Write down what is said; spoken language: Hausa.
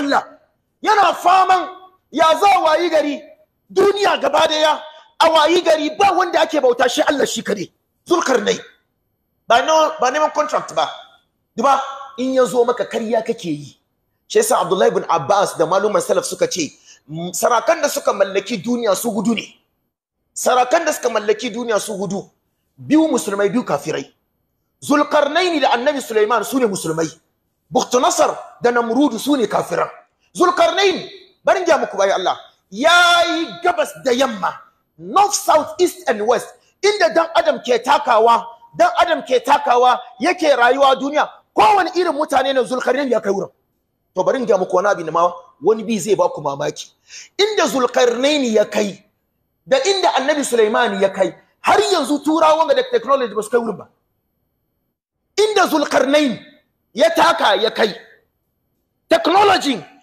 Allah yana faman ya za wayi gari duniya gaba daya a wayi gari ba wanda ake bauta shi Allah shi kare zulkarnai ba ba neman contract ba duba in ya zo maka karya kake yi shi yasa Abdullahi ibn Abbas da maluman salaf suka ce sarakan da suka mallaki duniya su gudu ne sarakan da suka mallaki duniya su gudu biyu musulmai biyu kafirai Zulkarnai ne da annabi Sulaiman su ne musulmai buktu nasar da namrudu su ne kafiran zulkarnain barin gya muku bayan Allah ya yi gabas da yamma north south east and west inda dan adam ke takawa dan adam ke takawa yake rayuwa duniya kowane irin mutane ne zulkarnain ya kai wurin to barin gya muku wani ne ma wani bi zai ba ku mamaki inda zulkarnain ya kai da inda annabi Sulaiman ya kai har yanzu turawan da technology ba su kai wurin ba inda zulkarnain ya taka ya kai technology